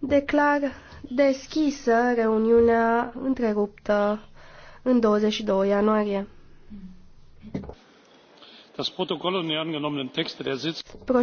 Declar deschisă reuniunea întreruptă în 22 ianuarie. Das Protokoll und die angenommenen Texte der Sitzung